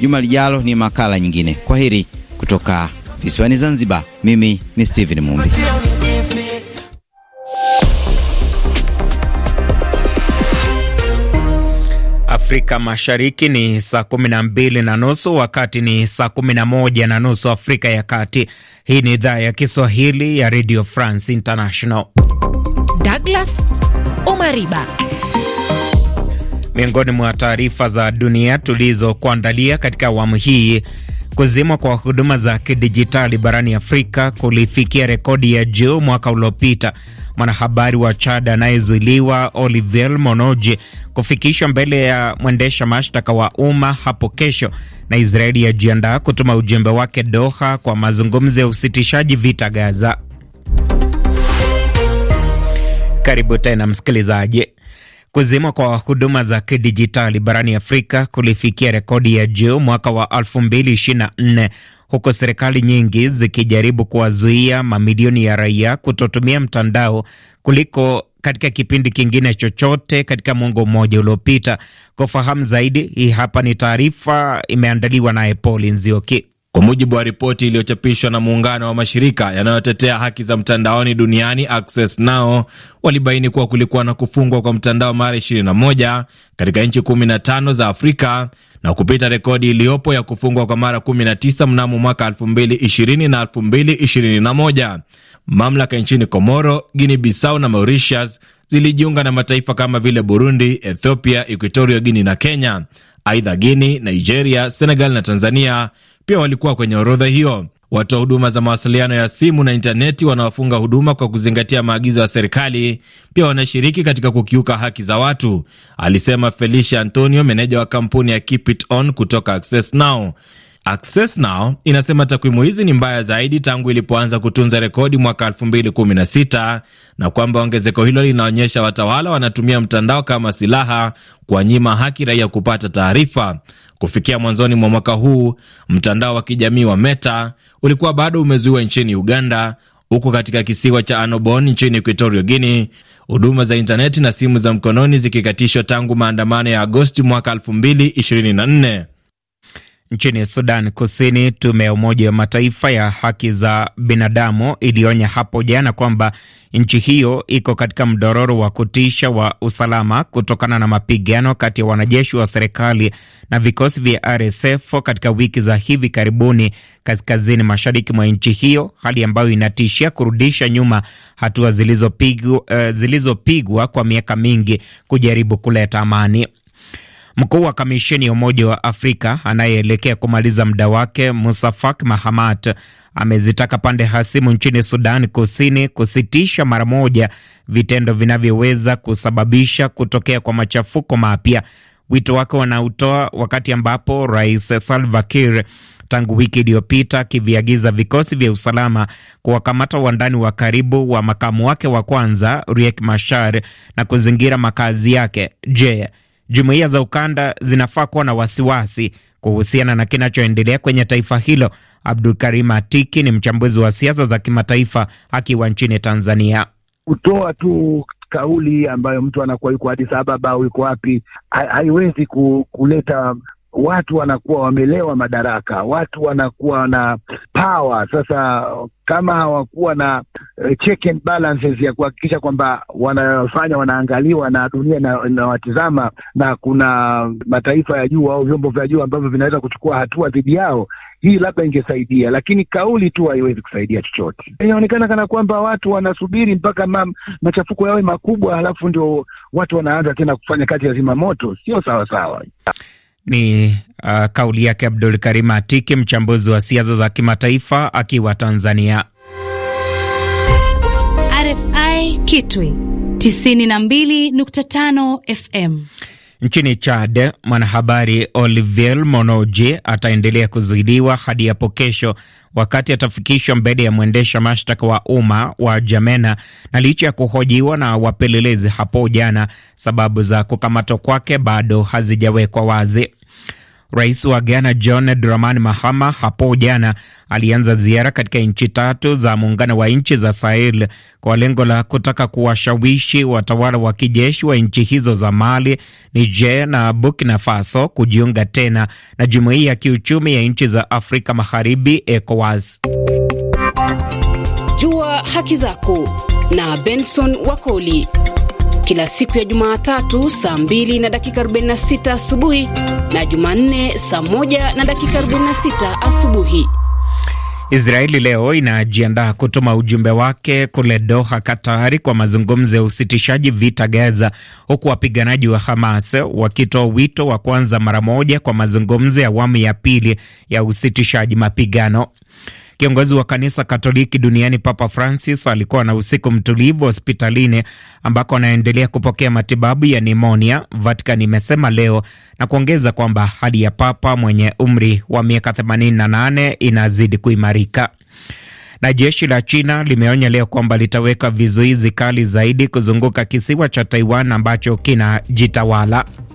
Juma lijalo ni makala nyingine. Kwa heri kutoka visiwani Zanzibar. Mimi ni Steven Mumbi. Afrika Mashariki ni saa kumi na mbili na nusu wakati ni saa kumi na moja na nusu Afrika ya Kati. Hii ni idhaa ya Kiswahili ya Radio France International. Douglas Omariba Miongoni mwa taarifa za dunia tulizokuandalia katika awamu hii, kuzimwa kwa huduma za kidijitali barani Afrika kulifikia rekodi ya juu mwaka uliopita. Mwanahabari wa Chad anayezuiliwa Olivier Monoji kufikishwa mbele ya mwendesha mashtaka wa umma hapo kesho, na Israeli yajiandaa kutuma ujumbe wake Doha kwa mazungumzo ya usitishaji vita Gaza. Karibu tena msikilizaji. Kuzimwa kwa huduma za kidijitali barani Afrika kulifikia rekodi ya juu mwaka wa 2024 huku serikali nyingi zikijaribu kuwazuia mamilioni ya raia kutotumia mtandao kuliko katika kipindi kingine chochote katika mwongo mmoja uliopita. Kufahamu zaidi, hii hapa ni taarifa imeandaliwa naye Paul Nzioki. Kwa mujibu wa ripoti iliyochapishwa na muungano wa mashirika yanayotetea haki za mtandaoni duniani Access Now, walibaini kuwa kulikuwa na kufungwa kwa mtandao mara 21 katika nchi 15 za Afrika na kupita rekodi iliyopo ya kufungwa kwa mara 19 mnamo mwaka 2020 na 2021. Mamlaka nchini Komoro, Guinea Bissau na Mauritius zilijiunga na mataifa kama vile Burundi, Ethiopia, Equatorio Guini na Kenya. Aidha, Guini, Nigeria, Senegal na Tanzania pia walikuwa kwenye orodha hiyo. Watoa huduma za mawasiliano ya simu na intaneti wanaofunga huduma kwa kuzingatia maagizo ya serikali pia wanashiriki katika kukiuka haki za watu, alisema Felicia Antonio, meneja wa kampuni ya Keep It On kutoka Access Now. Access Now inasema takwimu hizi ni mbaya zaidi tangu ilipoanza kutunza rekodi mwaka 2016 na kwamba ongezeko hilo linaonyesha watawala wanatumia mtandao kama silaha kuwanyima haki raia kupata taarifa. Kufikia mwanzoni mwa mwaka huu, mtandao wa kijamii wa Meta ulikuwa bado umezuiwa nchini Uganda, huku katika kisiwa cha Anobon nchini Equatorial Guinea huduma za intaneti na simu za mkononi zikikatishwa tangu maandamano ya Agosti mwaka 2024. Nchini Sudan Kusini, tume ya Umoja wa Mataifa ya haki za binadamu ilionya hapo jana kwamba nchi hiyo iko katika mdororo wa kutisha wa usalama kutokana na mapigano kati ya wanajeshi wa serikali na vikosi vya RSF katika wiki za hivi karibuni kaskazini mashariki mwa nchi hiyo, hali ambayo inatishia kurudisha nyuma hatua zilizopigwa uh, eh, zilizopigwa kwa miaka mingi kujaribu kuleta amani. Mkuu wa kamisheni ya Umoja wa Afrika anayeelekea kumaliza muda wake Musa Faki Mahamat amezitaka pande hasimu nchini Sudan Kusini kusitisha mara moja vitendo vinavyoweza kusababisha kutokea kwa machafuko mapya. Wito wake wanautoa wakati ambapo Rais Salva Kiir tangu wiki iliyopita akiviagiza vikosi vya usalama kuwakamata wandani wa karibu wa makamu wake wa kwanza Riek Machar na kuzingira makazi yake. Je, jumuiya za ukanda zinafaa kuwa na wasiwasi kuhusiana na kinachoendelea kwenye taifa hilo. Abdul Karim Atiki ni mchambuzi wa siasa za kimataifa akiwa nchini Tanzania. kutoa tu kauli ambayo mtu anakuwa yuko hadi Ababa au yuko wapi, haiwezi kuleta watu wanakuwa wamelewa madaraka, watu wanakuwa na power. Sasa kama hawakuwa na eh, check and balances ya kuhakikisha kwamba wanayofanya wanaangaliwa na dunia inawatizama na, na kuna mataifa ya juu au vyombo vya juu ambavyo vinaweza kuchukua hatua dhidi yao, hii labda ingesaidia, lakini kauli tu haiwezi kusaidia chochote. Inaonekana kana kwamba watu wanasubiri mpaka ma, machafuko yawe makubwa, halafu ndio watu wanaanza tena kufanya kazi ya zimamoto. Sio sawasawa. Ni uh, kauli yake Abdul Karim Atiki, mchambuzi wa siasa za kimataifa akiwa Tanzania. RFI Kitwi 92.5 FM. Nchini Chad, mwanahabari Olivier Monoje ataendelea kuzuiliwa hadi hapo kesho, wakati atafikishwa mbele ya mwendesha mashtaka wa umma wa Jamena, na licha ya kuhojiwa na wapelelezi hapo jana, sababu za kukamatwa kwake bado hazijawekwa wazi. Rais wa Ghana John Dramani Mahama hapo jana alianza ziara katika nchi tatu za muungano wa nchi za Sahel kwa lengo la kutaka kuwashawishi watawala wa kijeshi wa nchi hizo za Mali, Niger na Burkina Faso kujiunga tena na jumuiya ya kiuchumi ya nchi za Afrika Magharibi, ECOWAS. Jua haki zako na Benson Wakoli kila siku ya Jumatatu saa 2 na dakika 46 asubuhi na Jumanne saa 1 na dakika 46 asubuhi. Israeli leo inajiandaa kutuma ujumbe wake kule Doha, Katari, kwa mazungumzo ya usitishaji vita Gaza, huku wapiganaji wa Hamas wakitoa wito wa kwanza mara moja kwa mazungumzo ya awamu ya pili ya usitishaji mapigano. Kiongozi wa kanisa Katoliki duniani Papa Francis alikuwa na usiku mtulivu hospitalini ambako anaendelea kupokea matibabu ya nimonia, Vatican imesema leo, na kuongeza kwamba hali ya Papa mwenye umri wa miaka 88 inazidi kuimarika na jeshi la China limeonya leo kwamba litaweka vizuizi kali zaidi kuzunguka kisiwa cha Taiwan ambacho kinajitawala.